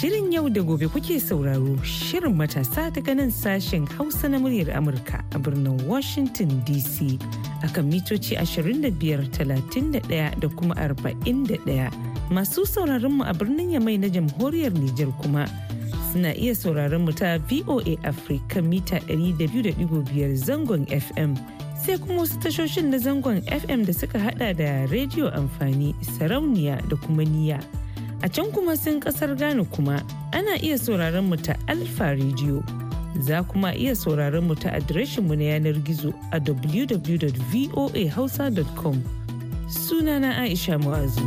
Shirin yau da gobe kuke sauraro Shirin matasa daga nan sashen Hausa na muryar Amurka a birnin Washington DC a kan mitoci 25,31 da kuma 41 masu sauraronmu a birnin Yamai na jamhuriyar Nijar kuma suna iya sauraron mu ta VOA Africa mita 200.5 zangon FM. sai kuma wasu tashoshin na zangon FM da suka hada da rediyo amfani sarauniya da kuma niya. A can kuma sun kasar Ghana kuma ana iya sauraron mu ta Alfa Radio. Za kuma iya sauraron mu ta adireshin mu na yanar gizo a www.voahausa.com. Sunana Aisha Mu'azu.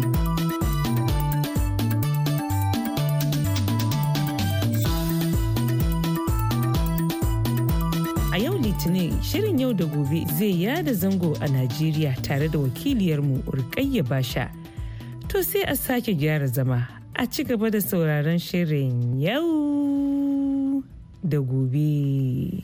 A yau Litinin shirin yau da gobe zai yada zango a Najeriya tare da wakiliyarmu Rukayya Basha. To sai a sake gyara zama a ci gaba da sauraron shirin yau da gobe.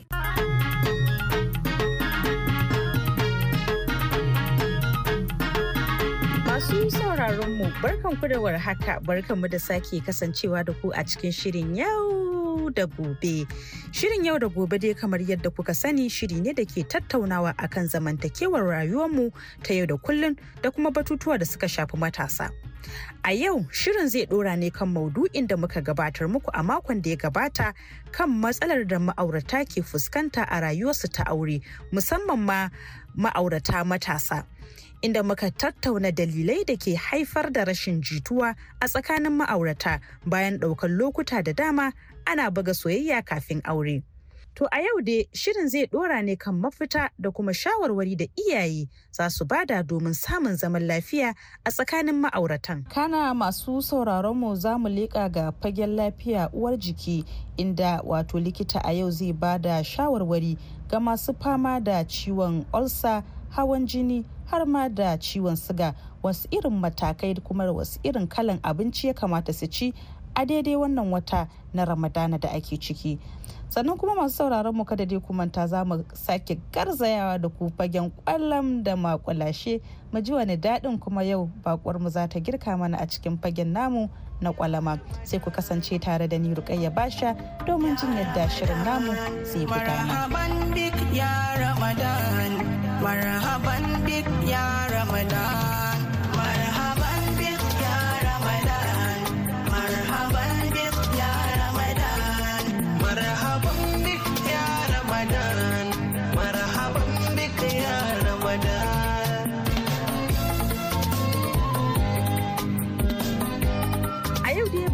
Masu sauraron mu barkan kudawar haka warhaka barkan mu da sake kasancewa da ku a cikin shirin yau yau da gobe. Shirin yau da gobe dai kamar yadda kuka sani shiri ne da ke tattaunawa akan zamantakewar rayuwar mu ta yau da kullun da kuma batutuwa da suka shafi matasa. A yau shirin zai dora ne kan maudu'in da muka gabatar muku a makon da ya gabata kan matsalar da ma'aurata ke fuskanta a rayuwarsu ta aure musamman ma ma'aurata matasa. Inda muka tattauna dalilai da ke haifar da rashin jituwa a tsakanin ma'aurata bayan ɗaukar lokuta da dama ana buga soyayya kafin aure. To a yau dai shirin zai dora ne kan mafita da kuma shawarwari da iyaye za su bada domin samun zaman lafiya a tsakanin ma'auratan. Kana masu sauraron mu za mu leƙa ga fagen lafiya uwar jiki inda wato likita a yau zai bada shawarwari ga masu fama da ciwon olsa hawan jini har ma da ciwon siga wasu irin matakai kuma wasu irin kalan abinci ya kamata su ci a daidai wannan wata na ramadana da ake ciki sannan kuma masu sauraron mu kada dai kumanta za mu sake garzayawa da ku fagen kwallam da makulashe mu ji wani daɗin kuma yau bakwar mu za ta girka mana a cikin fagen namu na kwalama sai ku kasance tare da ni rukayya basha domin jin yadda shirin namu zai gudana ramadan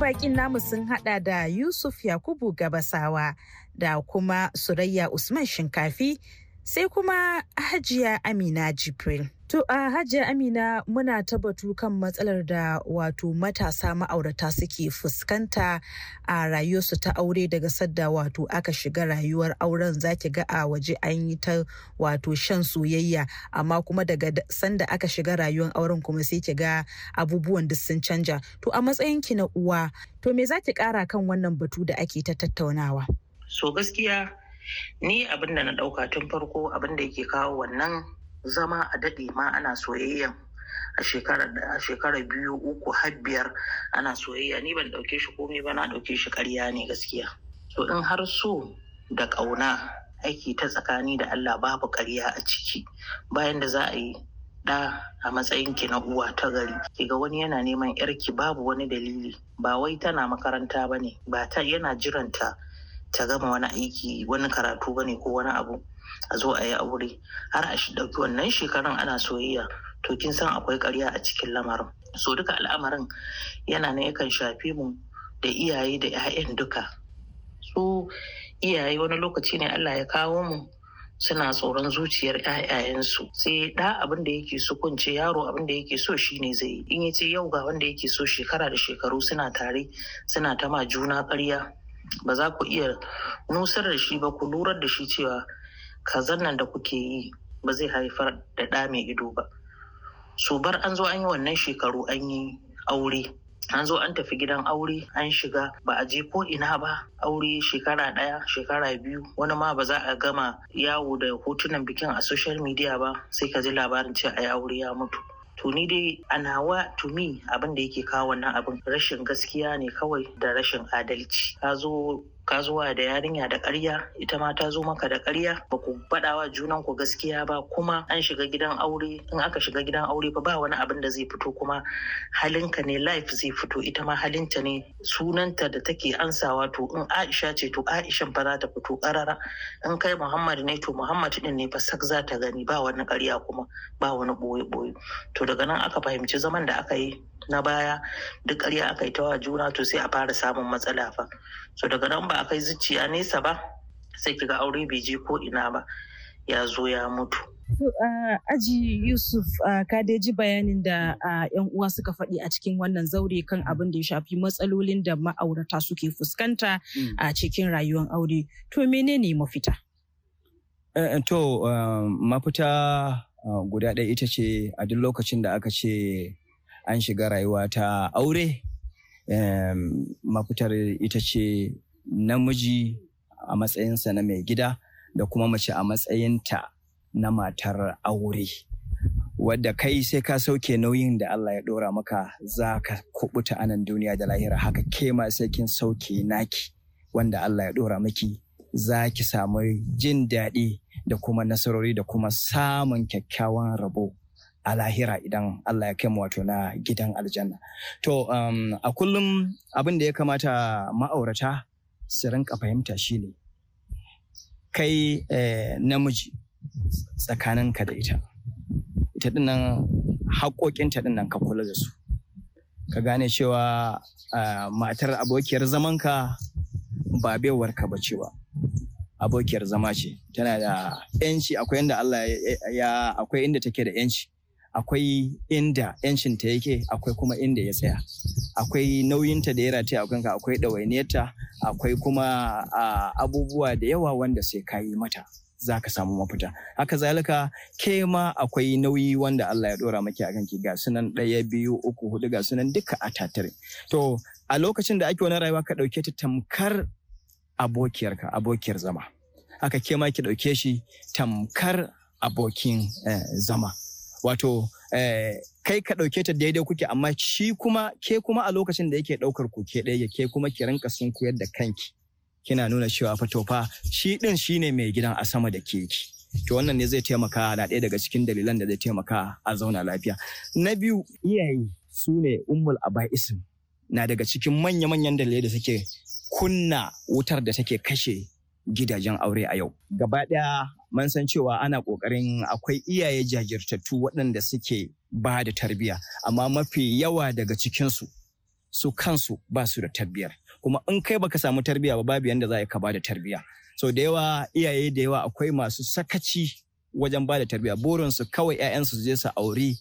bakin namu sun hada da Yusuf Yakubu Gabasawa da kuma Surayya Usman Shinkafi sai kuma Hajiya Amina Jibril. To a Hajiya Amina muna ta batu kan matsalar da wato matasa ma'aurata suke fuskanta a rayuwarsu ta aure daga sadda wato aka shiga rayuwar auren zaki ga a waje an yi ta wato shan soyayya amma kuma daga sanda aka shiga rayuwar auren kuma sai ki ga abubuwan duk sun canja. To a matsayin ki na uwa to me zaki kara kan wannan batu da ake ta tattaunawa? So gaskiya ni abin da na ɗauka tun farko abin da yake kawo wannan zama a daɗe ma ana soyayya a shekara biyu uku har biyar ana soyayya ni ban ɗauke shi komai ba na ɗauke shi ƙarya ne gaskiya to in har so da ƙauna aiki ta tsakani da Allah babu ƙarya a ciki bayan da za a yi ɗa a matsayin ki na uwa ta gari Ki ga wani yana neman ƴarki babu wani dalili ba wai tana makaranta ba ne ba ta yana jiranta ta gama wani aiki wani karatu ba ne ko wani abu a zo a yi aure har a shi ɗauki wannan shekarun ana soyayya to kin san akwai ƙarya a cikin lamarin so duka al'amarin yana nan yakan shafi mu da iyaye da 'ya'yan duka Su iyaye wani lokaci ne Allah ya kawo mu suna tsoron zuciyar 'ya'yansu. sai da abin da yake so kunce yaro abin da yake so shine zai yi in yace yau ga wanda yake so shekara da shekaru suna tare suna tama juna ƙarya ba za ku iya nusar da shi ba ku lurar da shi cewa kazan nan da kuke yi ba zai haifar da ɗa mai ido ba su bar an zo an yi wannan shekaru an yi aure an zo an tafi gidan aure an shiga ba a je ko ina ba aure shekara ɗaya shekara biyu wani ma ba za a gama yawo da hotunan bikin a social media ba sai ka ji labarin ce a aure ya mutu to ni dai a nawa to me abin da yake kawo wannan abin rashin gaskiya ne kawai da rashin adalci ka zo ka zuwa da yarinya da ƙarya ita ma ta zo maka da ƙarya ba ku faɗawa junan ku gaskiya ba kuma an shiga gidan aure in aka shiga gidan aure ba ba wani abin da zai fito kuma halinka ne life zai fito ita ma halinta ne sunanta da take ansawa to in Aisha ce to Aisha fa za ta fito ƙarara in kai Muhammad ne to Muhammad din ne fa sak za ta gani ba wani ƙarya kuma ba wani boye boye to daga nan aka fahimci zaman da aka yi na baya duk ƙarya aka yi tawa juna to sai a fara samun matsala fa so daga nan ba a kai zuciya nesa ba sai kiga aure bai je ko ina ba ya zo ya mutu Aji Yusuf ka dai ji bayanin da 'yan uwa suka faɗi a cikin wannan zaure kan abin da ya shafi matsalolin da ma'aurata suke fuskanta hmm. a cikin rayuwar aure. To menene mafita? Eh, eh, to um, mafita uh, guda ɗaya ita ce a duk lokacin da aka ce an shiga rayuwa ta aure mafitar ita ce namiji a matsayinsa na mai gida da kuma mace a matsayinta na matar aure wadda kai sai ka sauke nauyin da Allah ya ɗora maka za ka kubuta a duniya da lahira haka ke ma sai kin sauke naki wanda Allah ya ɗora maki? za ki samu jin daɗi da kuma nasarori da kuma samun kyakkyawan rabo a lahira idan Allah ya kai mu wato na gidan aljanna. To um, a kullum abin da ya kamata ma'aurata su rinka fahimta shi ne, kai eh, namiji ka da ita. Ita dinnan haƙoƙinta dinnan ka kula da su. Ka gane cewa uh, matar abokiyar zamanka ba baiwarka ba cewa. abokiyar zama ce tana da yanci akwai inda Allah ya akwai inda take da yanci akwai inda yancinta yake akwai kuma inda ya tsaya akwai nauyinta da ya rataya a kanka akwai ɗawainiyarta akwai kuma abubuwa da yawa wanda sai ka yi mata za ka samu mafita haka zalika ke ma akwai nauyi wanda Allah ya dora maki a kanki ga sunan ɗaya biyu uku hudu ga sunan duka a tattare to a lokacin da ake wani rayuwa ka ɗauke ta tamkar abokiyarka abokiyar zama haka ke ma ki ɗauke shi tamkar abokin eh, zama wato eh, kai ka ɗauke ta daidai kuke amma shi kuma ke kuma a lokacin da yake ɗaukar ku ke ɗaya ke kuma ki rinka sun koyar da kanki kina nuna cewa fa to fa shi ɗin shi ne mai gidan a sama da keki to wannan ne zai taimaka na ɗaya daga cikin dalilan da zai taimaka a zauna lafiya na biyu iyaye su ne ummul aba'isin na daga cikin manya-manyan dalilai da suke kunna wutar da take kashe gidajen aure a yau. Gaba ɗaya mun san cewa ana ƙoƙarin akwai iyaye jajirtattu waɗanda suke ba da tarbiyya, amma mafi yawa daga cikinsu su kansu ba su da tarbiyyar. Kuma in kai baka samu tarbiyya ba babu yadda za ka ba da tarbiyya. So da yawa iyaye da yawa akwai masu sakaci wajen ba da tarbiyya. Burinsu kawai 'ya'yansu su je su auri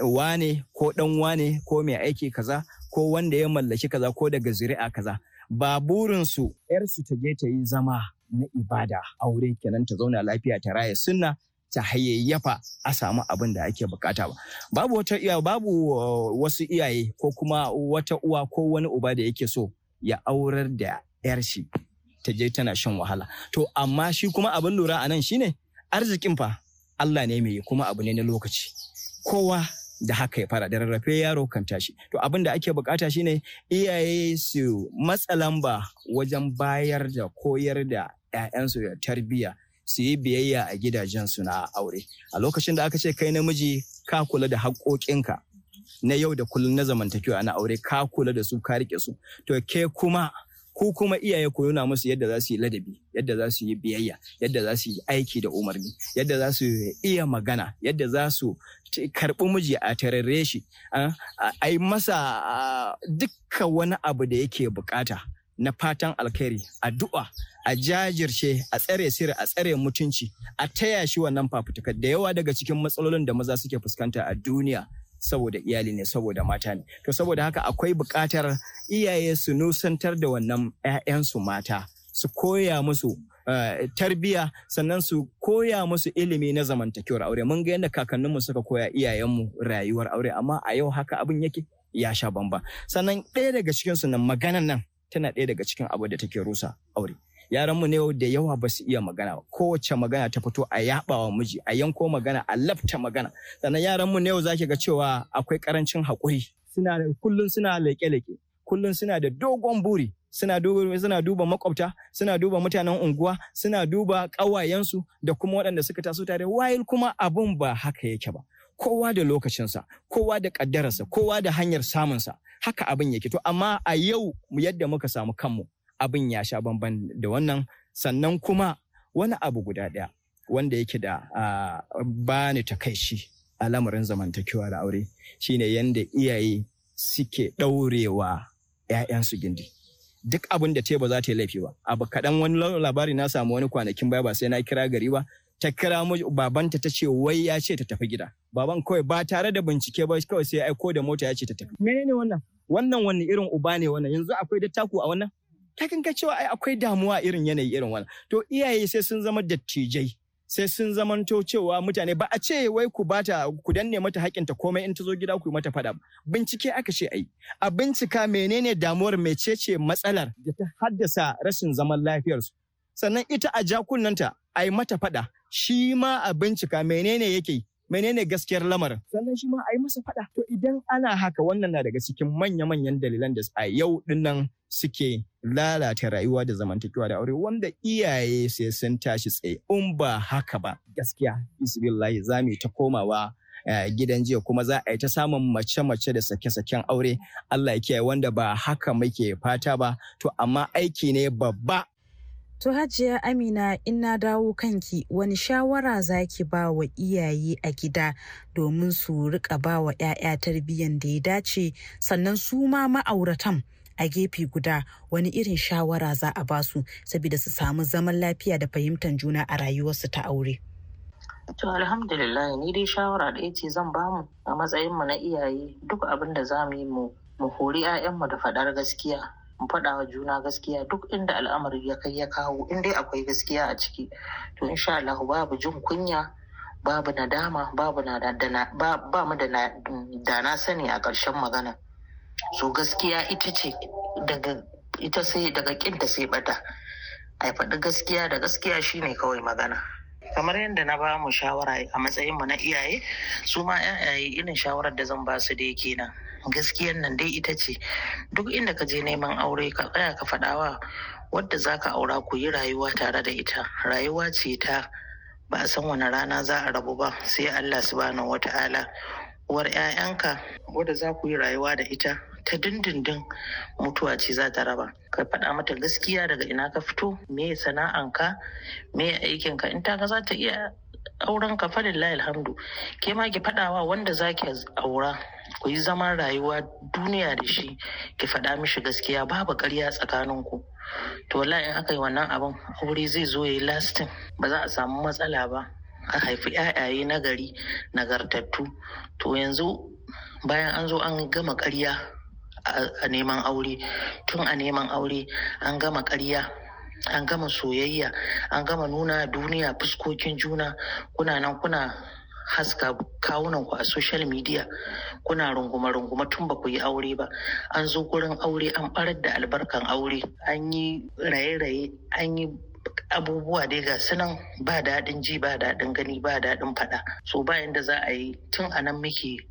wane ko ɗan wane ko mai aiki kaza ko wanda ya mallaki kaza ko daga zuri'a kaza. ba burinsu ‘yarsu ta je ta yi zama na ibada aure kenan ta zauna lafiya ta raya sunna ta hayayyafa a samu abin da ake bukata ba. Babu wata iya babu uh, wasu iyaye ko kuma wata uwa ko wani uba da yake so ya aurar da ‘yar shi ta je tana shan wahala. To amma shi kuma abin lura a nan shine arzikin fa Allah ne mai kuma abu ne na lokaci. Kowa da haka ya fara da rarrafe yaro kan tashi to abin da ake bukata shine iyaye su matsa lamba wajen bayar da koyar da 'ya'yansu da tarbiya su yi biyayya a gidajensu na aure a lokacin da aka ce kai namiji ka kula da haƙoƙinka na yau da kullum na zamantakewa na aure ka kula da su ka rike su to ke kuma ko kuma iyaye ku nuna musu yadda za su yi ladabi yadda za su yi biyayya yadda za su yi aiki da umarni yadda za su iya magana yadda za su karɓi miji a tararreshi. shi a yi masa duka wani abu da yake bukata na fatan alkhairi addu'a a jajirce a tsare sir a tsare mutunci a taya shi wannan fafutukar da yawa daga cikin matsalolin da maza suke fuskanta a duniya saboda iyali ne saboda mata ne to saboda haka akwai buƙatar iyaye su nusantar da wannan 'ya'yansu mata su koya musu Uh, eh, tarbiya sannan su koya musu ilimi na zamantakewar aure mun ga yadda kakanninmu suka koya iyayenmu rayuwar aure amma a yau haka abin yake ya sha bamba sannan ɗaya daga cikinsu nan maganan nan tana ɗaya daga cikin abu da take rusa aure yaranmu ne da yawa ba su iya magana ba kowace magana ta fito a yabawa miji a yanko magana a lafta magana sannan yaranmu ne zaki ga cewa akwai karancin haƙuri suna kullun suna leke-leke kullun suna da dogon buri suna duba suna duba makwabta suna duba mutanen unguwa suna duba ƙawayensu da kuma waɗanda suka taso tare wayil kuma abun ba haka yake ba kowa da lokacinsa kowa da ƙaddararsa kowa da hanyar samunsa haka abin yake to amma a yau yadda muka samu kanmu abin ya sha bamban da wannan sannan kuma wani abu guda ɗaya wanda yake da ba ni shi a lamarin zamantakewa da aure shine yanda iyaye suke ɗaurewa 'ya'yansu gindi. duk abin da ta ba za ta yi laifi ba abu kaɗan wani labari na samu wani kwanakin baya ba sai na kira gari ba ta kira babanta ta ce wai ya ce ta tafi gida baban kawai ba tare da bincike ba kawai sai aiko da mota ya ce ta tafi menene wannan wannan wani irin uba ne wannan yanzu akwai dattaku a wannan ta kan cewa ai akwai damuwa irin yanayi irin wannan to iyaye sai sun zama dattijai sai sun zamanto cewa mutane ba a ce wai ku bata ku danne mata ta komai in ta zo gida ku mata fada bincike aka ce ai a bincika menene damuwar mai mecece matsalar da ta haddasa rashin zaman lafiyarsu sannan ita a jakunanta a yi mata fada shi ma a bincika menene yake menene gaskiyar lamarin sannan shi ma a yi masa faɗa to idan ana haka wannan na daga cikin manya-manyan dalilan da a yau dinnan suke lalata rayuwa da zamantakewa da aure wanda iyaye sai sun tashi tsaye in ba haka ba gaskiya bisbillahi za mu ta komawa eh, gidan jiya kuma za a yi ta samun mace-mace da sake-saken aure Allah ya kiyaye wanda ba haka muke fata ba to amma aiki ne babba To Hajiya Amina in na dawo kanki wani shawara za ki ba wa iyaye a gida domin su rika ba wa 'ya'ya tarbiyyan da ya dace sannan su ma ma'auratan a gefe guda wani irin shawara za a ba su saboda su samu zaman lafiya da fahimtar juna a rayuwarsu ta aure. To alhamdulillah ni dai shawara ɗaya ce zan ba mu a matsayin mu na iyaye duk abin da za mu yi mu hori 'ya'yanmu da faɗar gaskiya mu faɗa wa juna gaskiya duk inda al'amari ya kai ya kawo in dai akwai gaskiya a ciki to insha Allah babu jin kunya babu nadama babu na ba mu da da na sani a ƙarshen magana so gaskiya ita ce daga ita sai daga kinta sai bata ai faɗi gaskiya da gaskiya shine kawai magana kamar yadda na ba mu shawara a matsayin mu na iyaye su ma yayaye irin shawarar da zan ba su dai kenan gaskiyan nan dai ita ce duk inda ka je neman aure ka tsaya ka faɗawa wadda za ka aura ku yi rayuwa tare da ita rayuwa ce ta ba a san wani rana za a rabu ba sai allah subhanahu wata'ala uwar 'ya'yanka wadda za ku yi rayuwa da ita ta dindindin mutuwa ce za ta raba ka faɗa mata gaskiya daga ina ka fito me sana'anka me aikinka in ta ga za ta iya auren ka falillahi alhamdu ke ma ki faɗawa wanda zaki aura ku yi zaman rayuwa duniya da shi ki faɗa mishi gaskiya babu karya tsakanin ku to wallahi in aka yi wannan abin aure zai zo yayi lasting ba za a samu matsala ba a haifi 'ya'yaye na gari nagartattu to yanzu bayan an zo an gama karya. a neman aure tun a neman aure an gama ƙarya an gama soyayya an gama nuna duniya fuskokin juna kuna nan kuna haska kawunanku ku a social media kuna runguma runguma tun ba ku yi aure ba an zo gurin aure an barar da albarkan aure an yi raye-raye an yi abubuwa dai ga sunan ba daɗin ji ba daɗin gani ba daɗin faɗa so bayan da za a yi tun a nan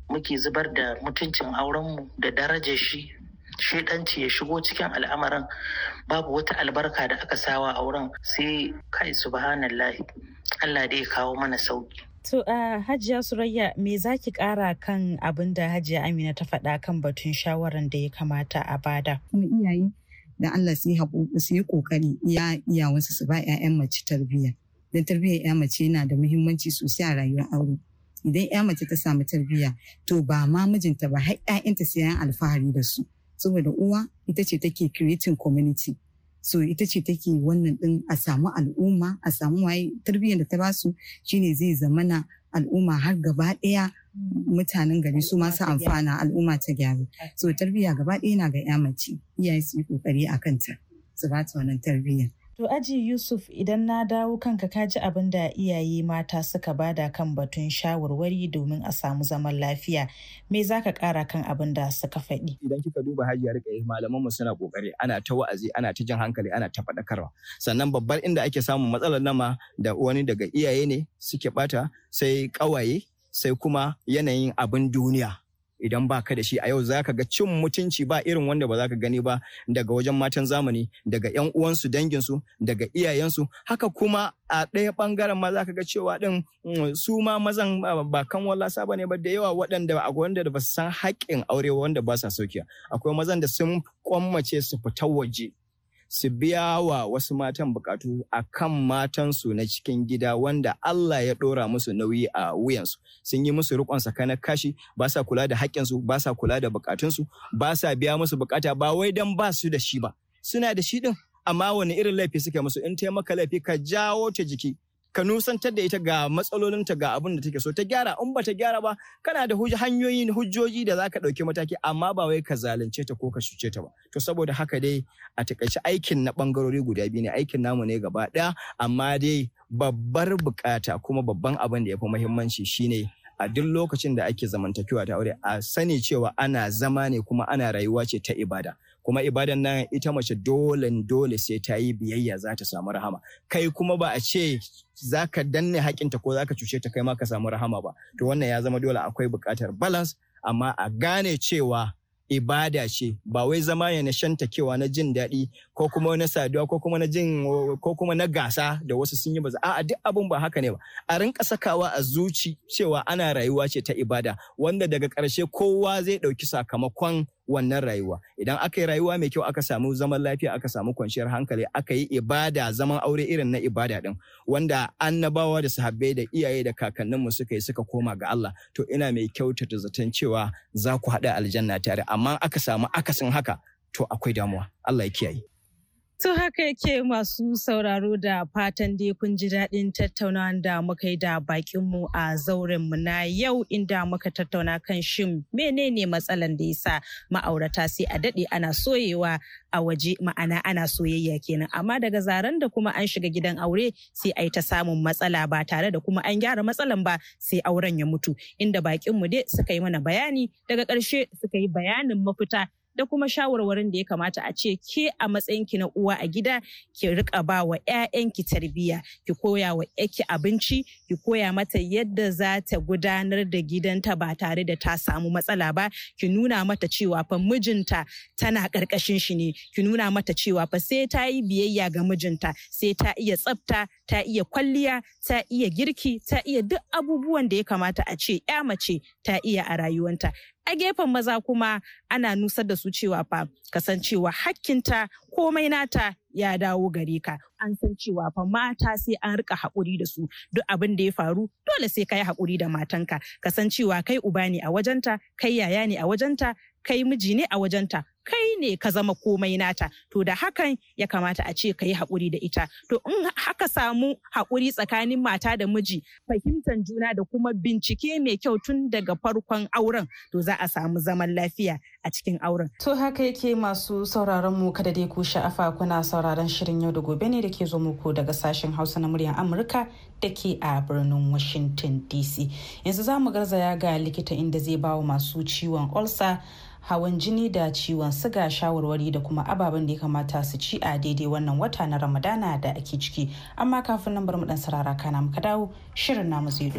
muke zubar da mutuncin aurenmu da darajar shi shaidanci ya shigo cikin al'amarin babu wata albarka da aka sawa auren sai kai subhanallahi Allah dai ya kawo mana sauki To a Hajiya Surayya me zaki ki kara kan abin da Hajiya Amina ta faɗa kan batun shawaran da ya kamata a bada? Mu iyaye dan Allah su yi kokari ya iya wasu su ba 'ya'yan mace tarbiyya don tarbiyyar 'ya mace yana da muhimmanci sosai a rayuwar aure idan 'ya mace ta samu tarbiyya to ba ma mijinta ba har 'ya'yanta su yan alfahari da su saboda uwa ita ce take creating community so ita ce take wannan din a samu al'umma a samu waye tarbiyyar da ta basu shine zai zamana al'umma har gaba ɗaya mutanen gari su masu amfana al'umma ta gyaru so tarbiyya gaba ɗaya na ga ya mace iyaye su yi kokari a kanta su ba ta wannan tarbiyyar To aji Yusuf idan na dawo kanka kaji abin da iyaye mata suka bada kan batun shawarwari domin a samu zaman lafiya. Me za ka kara kan abin da suka faɗi? Idan kika duba hajiya rika yi malaman mu suna kokari ana ta wa'azi ana ta jin hankali ana ta faɗakarwa. Sannan babbar inda ake samun matsalar nama da wani daga iyaye ne suke bata sai ƙawaye sai kuma yanayin abin duniya idan ba ka da shi a yau za ka ga cin mutunci ba irin wanda ba za ka gani ba daga wajen matan zamani daga yan uwansu danginsu daga iyayensu haka kuma a ɗaya ɓangaren ma za ka ga cewa ɗin mm, su ma mazan ba kan wallasa ba ne ba da yawa waɗanda a wanda ba su san haƙƙin aure wanda ba sa saukiya akwai mazan da sun kwammace su fita waje su biya wa wasu matan bukatu a kan matansu na cikin gida wanda Allah ya ɗora musu nauyi a wuyansu. Sun yi musu rukon sakanar kashi, ba sa kula da haƙƙinsu, ba sa kula da bukatunsu, ba sa biya musu bukata ba wai don ba su da shi ba. Suna da shi ɗin, amma wani irin laifi suke musu in taimaka laifi ka jawo ta jiki ka nusantar da ita ga matsalolinta ga abin da take so ta gyara in ba ta gyara ba kana da hanyoyin hujjoji da za ka ɗauki mataki amma ba wai ka zalunce ta ko ka cuce ta ba to saboda haka dai a takaice aikin na ɓangarori guda biyu ne aikin namu ne gaba ɗaya amma dai babbar bukata kuma babban abin da ya fi muhimmanci shine a duk lokacin da ake zamantakewa ta aure a sani cewa ana zama ne kuma ana rayuwa ce ta ibada kuma ibadan nan ita mace dole dole sai ta yi biyayya za ta samu rahama kai kuma ba a ce za ka danne hakinta ko za ka cuce ta kai ma ka samu rahama ba to wannan ya zama dole akwai buƙatar balance amma a gane cewa ibada ce ba wai zama ya na kewa na jin daɗi ko kuma na saduwa ko kuma na jin ko kuma na gasa da wasu sun yi ba a'a duk abun ba haka ne ba a rinka sakawa a zuci cewa ana rayuwa ce ta ibada wanda daga ƙarshe kowa zai ɗauki sakamakon wannan rayuwa idan aka yi rayuwa mai kyau aka samu zaman lafiya aka samu kwanciyar hankali aka yi ibada zaman aure irin na ibada din wanda annabawa da sahabbai da iyaye da kakanninmu suka yi suka koma ga Allah to ina mai kyautata zaton cewa za ku haɗa aljanna tare amma aka samu akasin haka to akwai damuwa Allah ya kiyaye To haka yake masu sauraro da fatan dai kun ji daɗin tattaunawa da muka yi da bakinmu a zaurenmu na yau inda muka tattauna kan shin menene matsalan da ya yasa ma'aurata sai a daɗe ana soyewa a waje ma'ana ana soyayya kenan amma daga zaren da kuma an shiga gidan aure sai a yi ta samun matsala ba tare da kuma an gyara matsalan ba sai auren ya mutu inda bakinmu dai suka yi mana bayani daga ƙarshe suka yi bayanin mafita da kuma shawarwarin da ya kamata a ce ke a matsayinki na uwa a gida ki rika ba wa 'ya'yanki tarbiyya ki koya wa yaki abinci ki koya mata yadda za ta gudanar da gidanta ba tare da ta samu matsala ba ki nuna mata cewa fa mijinta tana karkashin shi ne ki nuna mata cewa fa sai ta yi biyayya ga mijinta sai ta iya tsafta ta iya kwalliya ta iya girki ta iya duk abubuwan da ya kamata a ce 'ya mace ta iya a rayuwanta a gefen maza kuma ana nusar da su cewa fa kasancewa hakkinta komai nata ya dawo gare ka an san cewa fa mata sai an rika haƙuri da su duk abin da ya faru dole sai ka yi haƙuri da matanka kasancewa kai uba ne a wajenta kai yaya ne a wajenta kai miji ne a wajenta kai ne ka zama komai nata to da hakan ya kamata a ce ka yi haƙuri da ita to in haka samu haƙuri tsakanin mata da miji fahimtar juna da kuma bincike mai kyau tun daga farkon auren to za a samu zaman lafiya a cikin auren to haka yake masu sauraron mu kada dai ku sha'afa kuna sauraron shirin yau da gobe ne da ke zo muku daga sashen hausa na muryar amurka da ke a birnin washington dc yanzu za mu garzaya ga likita inda zai bawa masu ciwon ulcer hawan jini da ciwon suga shawarwari da kuma ababen da ya kamata su ci a daidai wannan wata na ramadana da ake ciki amma kafin nan bar mu dan sarara kana muka dawo shirin namu zai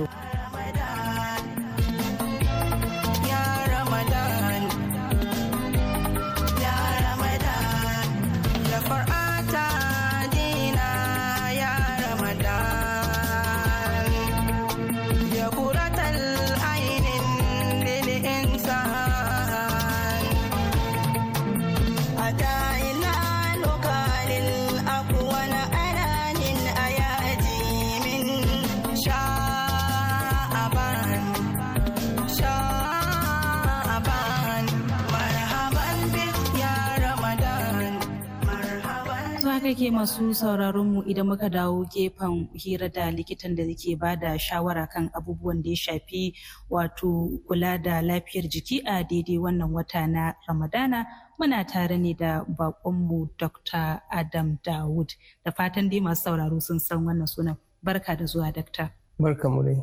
haka ke masu sauraron mu idan muka dawo gefen hira da likitan da ke ba da shawara kan abubuwan da ya shafi wato kula da lafiyar jiki a daidai wannan wata na ramadana muna tare ne da bakonmu dr adam dawud da fatan dai masu sauraro sun san wannan sunan barka da zuwa dakta barka mu dai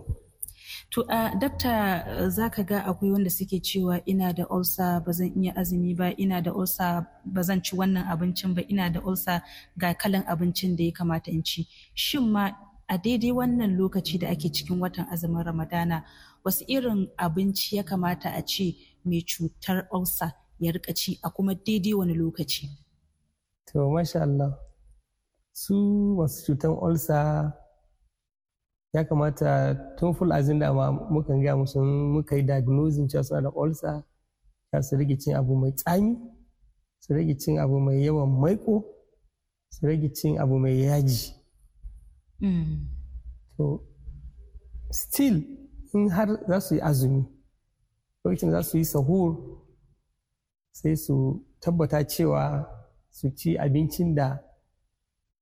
To a dakta za ka ga akwai wanda suke cewa ina da ulsa ba zan iya azumi ba ina da ulsa ba zan ci wannan abincin ba ina da ulsa ga kalan abincin da ya kamata in ci. Shin ma a daidai wannan lokaci da ake cikin watan azumin Ramadana wasu irin abinci ya kamata a ce mai cutar ulsa ya rika ci a kuma daidai wani lokaci. To masha Allah su masu cutar ulsa ya kamata tun full azin da ma mukan gaya musu muka yi diagnosing cewa suna da ulcer ya su rage cin abu mai tsami su rage cin abu mai yawan maiko su rage cin abu mai yaji mm. to still in har za su yi azumi lokacin za su yi sahur sai su tabbata cewa su ci abincin da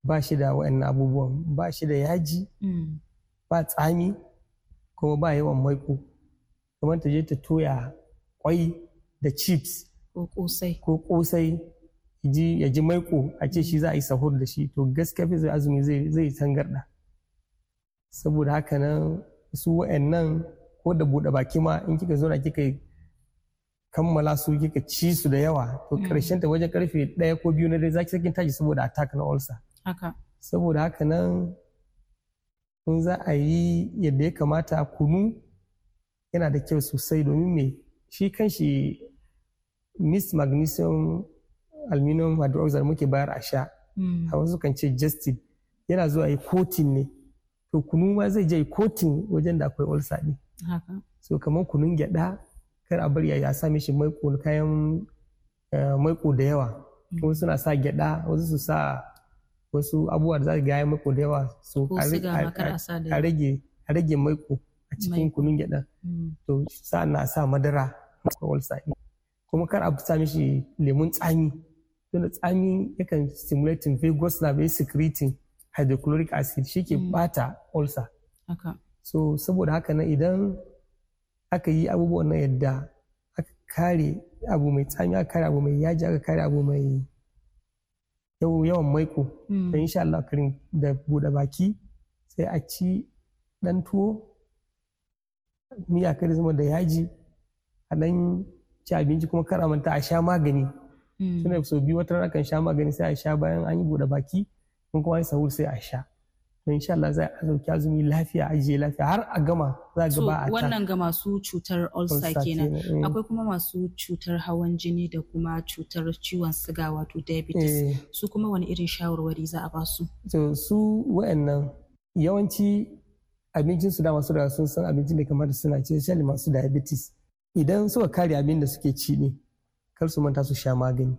ba shi da wa'annan abubuwan ba shi da yaji mm. ba tsami kuma ba yawan maiko kamar ta je ta toya kwai da chips ko kosai ko ya ji maiko a ce shi za a yi sahur da shi to gaskiya fi zai azumi zai tangarda saboda haka nan su wa'annan ko da buɗe baki ma in kika zo na kika kammala su kika ci su da yawa to karshen mm. ta wajen karfe ɗaya ko biyu na dare ki sakin tashi saboda attack na ulcer saboda haka nan in za a yi yadda ya kamata kunu yana da kyau sosai domin me shi kanshi Miss magnesium aluminum hydroxide muke bayar a sha hmm. a wasu kan ce Justin yana zuwa yi kotin ne to kunu ma zai je kotin wajen da akwai ulsa ne so kamar kunun gyada kar a bari a sa mishi maiko kayan eh, maiko da yawa hmm. wasu suna sa gyada wasu su sa wasu abubuwa da za gaya maku da yawa so a rage a maiko a cikin kunun gyada mm. to sa sa madara kawal sa'i kuma kar a sa mishi lemun tsami tunda tsami yakan stimulating vagus nerve secreting hydrochloric acid shi ke bata mm. ulcer so saboda haka na, idan aka yi abubuwan na yadda aka kare abu mai tsami aka kare abu mai yaji aka kare abu mai Yau yawan maiko hmm. da insha Allah karim da buɗe baki sai a ci ɗan tuwo miya kare zama da yaji a ɗan ci abinci kuma kar a manta a sha magani hmm. tunda so biyu wata rana kan sha magani sai a sha bayan an yi buɗe baki in kuma an sahur sai a sha insha Allah za a dauki azumi lafiya ajiye lafiya har a gama za ga ba a ta wannan ga masu cutar ulcer kenan eh. akwai kuma masu cutar hawan jini da kuma cutar ciwon siga wato diabetes eh. su kuma wani irin shawarwari za a ba su to su wa'annan yawanci abincin su da masu da sun san abincin da kamar suna ce shi masu diabetes idan suka kare abin da suke ci ne kar su manta su sha magani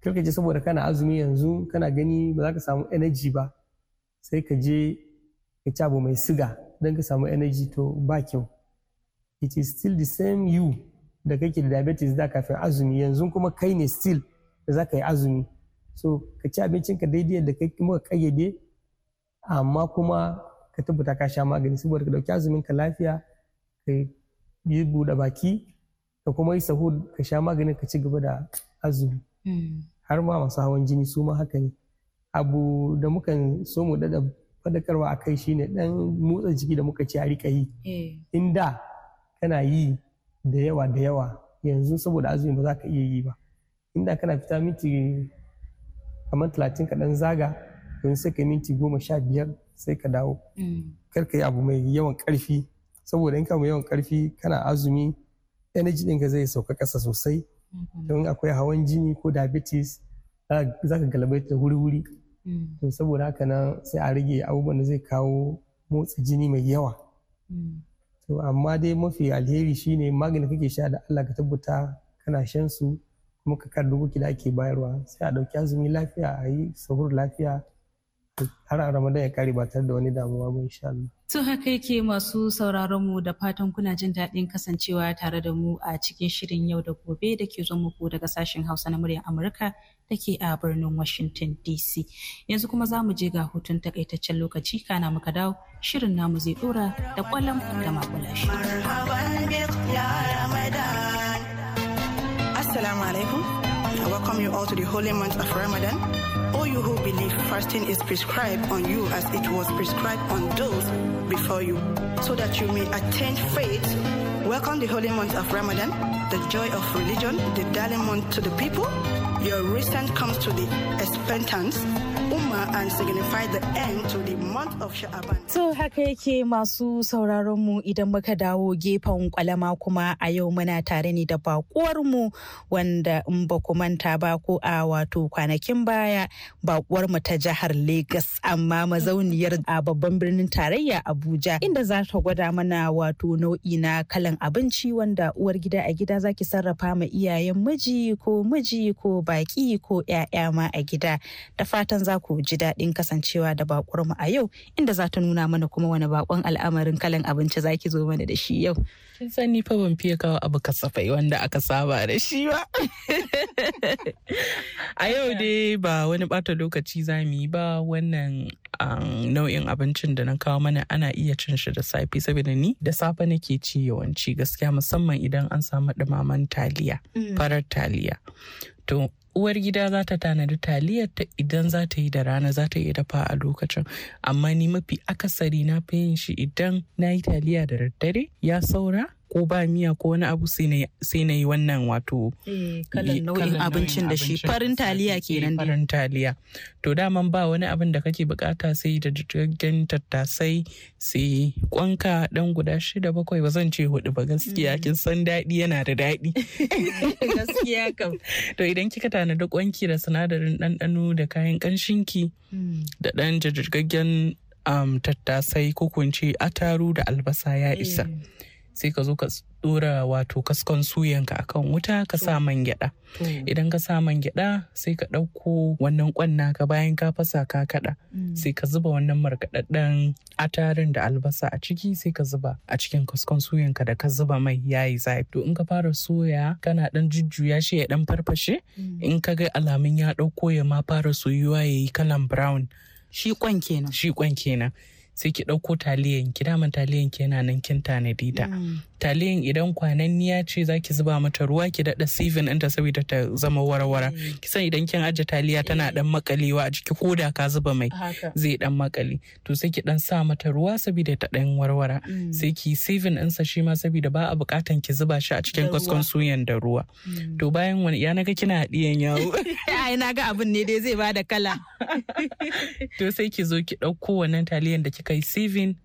kar ka ji saboda kana azumi yanzu kana gani ba za ka samu energy ba sai ka je ka ci abu mai siga don ka samu energy to ba kyau it is still the same you da kake da diabetes da kafin azumi yanzu kuma kai ne still da za ka yi azumi so ka ci abincinka daidai da kai kuma kayyade amma kuma ka tabbata ka sha magani saboda ka dauki azumin ka lafiya ka yi buɗe baki ka kuma yi sahur ka sha magani ka ci gaba da azumi hmm. har ma masu hawan jini su ma haka ne abu da muka so mu dada fadakarwa a kai shine dan motsa jiki da muka ci a rika yi eh. inda kana yi da yawa da yawa yanzu saboda azumi ba za ka iya yi ba inda kana fita minti kamar talatin ka dan zaga don sai ka minti goma sha biyar sai ka dawo mm. kar ka yi abu mai yawan karfi saboda in ka mai yawan karfi kana azumi energy ɗinka zai sauka ƙasa sosai mm-hmm. don akwai hawan jini ko diabetes za ka galabaita wuri-wuri Mm. to saboda haka nan sai a rage abubuwan da zai kawo motsa jini mai yawa mm. to amma dai mafi alheri shine maganin kake sha da Allah ka tabbata kana shan su kuma ka kar da ake bayarwa sai a dauki azumi lafiya a yi sahur lafiya har a ramadan ya kare ba tare da wani damuwa ba insha Allah tun haka yake masu sauraron mu da fatan kuna jin daɗin kasancewa tare da mu a cikin shirin yau da gobe da ke zo muku daga sashen Hausa na muryar Amurka da ke a birnin Washington DC. Yanzu kuma za mu je ga hutun takaitaccen lokaci kana muka dawo shirin namu zai ɗora da ƙwallon da makulashi. all to the holy month of Ramadan? All you who believe fasting is prescribed on you as it was prescribed on those before you, so that you may attain faith, welcome the holy month of Ramadan, the joy of religion, the darling month to the people, your recent comes to the expectance al'umma and signify the end to the month of Sha'aban. To haka yake masu sauraron mu idan muka dawo gefen kwalama kuma a yau muna tare ne da bakuwar mu wanda in ba ku manta ba ko a wato kwanakin baya bakuwar mu ta jihar Lagos amma mazauniyar a babban birnin tarayya Abuja inda za ta gwada mana wato nau'i na kalan abinci wanda uwar gida a gida zaki sarrafa ma iyayen miji ko miji ko baki ko 'ya'ya ma a gida da fatan za za ku ji daɗin kasancewa da bakwar a yau inda za ta nuna mana kuma wani bakon al'amarin kalan abinci za ki zo mana da shi yau. Kin san ni fa ban fiye kawo abu kasafai wanda aka saba da shi ba. A yau dai ba wani ɓata lokaci za mu yi ba wannan um, nau'in abincin da na kawo mana ana iya cin shi da safe saboda ni da safe nake ci yawanci gaskiya musamman idan an samu ɗumaman taliya mm. farar taliya. To uwar gida za ta tanadi taliyar ta idan za ta yi da rana za ta iya dafa a lokacin amma ni mafi akasari na fi yin shi idan na yi taliya da daddare ya saura ko ba miya ko wani abu sai na yi wannan wato eh, nau'in abincin da shi farin taliya kenan farin taliya to daman ba wani abin da kake bukata sai da jirgin tattasai sai kwanka dan guda shida bakwai ba zan ce hudu ba gaskiya mm. kin san daɗi yana da daɗi gaskiya kam to idan kika tanada kwanki da sinadarin ɗanɗano da kayan ki. Mm. da ɗan jirgaggen tattasai ko kunce ataru da albasa ya eh. isa. sai ka zo ka dora wato kaskon suyanka akan wuta ka sa man gyada idan ka sa man gyada sai ka ɗauko wannan kwanna ka bayan ka fasa ka kada mm. sai ka zuba wannan markaɗaɗɗen atarin da albasa a ciki sai ka zuba a cikin kaskon suyanka da ka zuba mai yayi zafi to in ka fara soya kana dan jujjuya shi ya dan farfashe mm. in ka ga alamun ya ɗauko ya ma fara soyuwa yayi kalan brown shi kwan kenan shi kwan kenan sai ki ɗauko taliyan ki daman taliyan ki yana nan kin tanadi ta mm. taliyan idan niya ce za ki zuba mata ruwa ki daɗa sivin ɗinta saboda ta zama warwara mm. kisan idan kin aje taliya tana dan makalewa a jiki ko da ka zuba mai zai dan makale to sai ki dan sa mata ruwa saboda ta dan warwara mm. sai ki sivin ɗinsa shi ma saboda ba a bukatan ki zuba shi a cikin kaskon suyan da ruwa mm. to bayan wani ya naga kina haɗiyan yawo ai naga abin ne dai zai bada kala to sai ki zo ki ɗauko wannan taliyan da kika yi sivin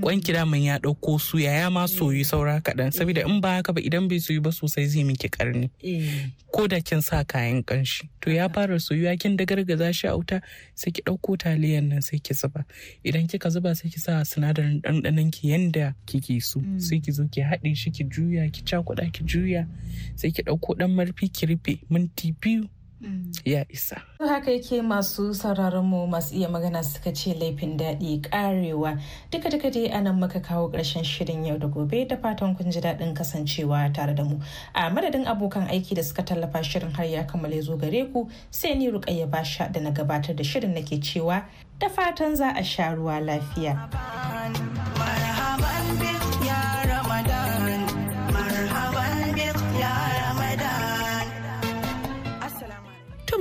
kwan mm-hmm. kira mun ya ɗauko su yaya ma soyu saura kaɗan mm-hmm. saboda in ba haka ba idan bai soyu ba sosai zai miki ƙarni. Eh. ko da kin sa kayan ƙanshi to ya fara soyuwa kin da gargaza shi a wuta sai ki ɗauko taliyan nan sai ki zuba idan kika zuba sai ki sa sinadarin ɗanɗanon ki yanda kike so mm. sai ki zo ki haɗe shi ki juya ki cakuɗa ki juya sai ki ɗauko ɗan marfi ki rufe minti biyu Mm. ya isa. haka yake masu sauraron mu masu iya magana suka ce laifin daɗi ƙarewa duka duka dai anan muka kawo ƙarshen shirin yau da gobe da fatan kun ji daɗin kasancewa tare da mu a madadin abokan aiki da suka tallafa shirin har ya kammala zo gare ku sai ni ba sha da na gabatar da shirin nake cewa da fatan za a sha ruwa lafiya.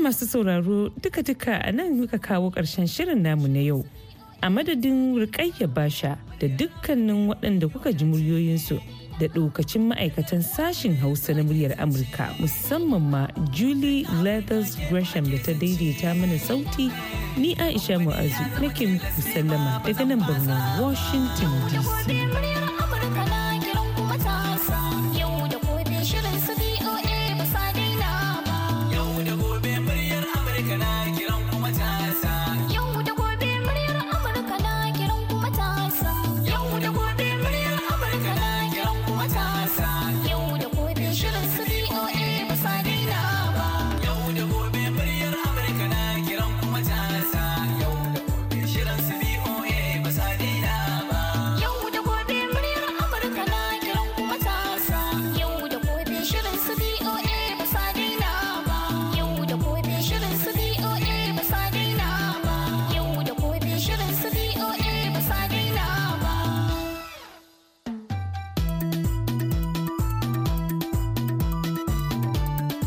masu sauraro duka-duka a nan muka kawo ƙarshen shirin namu na yau. A madadin rikayya basha da dukkanin waɗanda kuka ji muryoyinsu da ɗokacin ma'aikatan sashin Hausa na muryar Amurka musamman ma Julie Leathers Gresham da ta daidaita mana sauti ni Aisha Mu'azu nake muku sallama daga nan birnin Washington DC.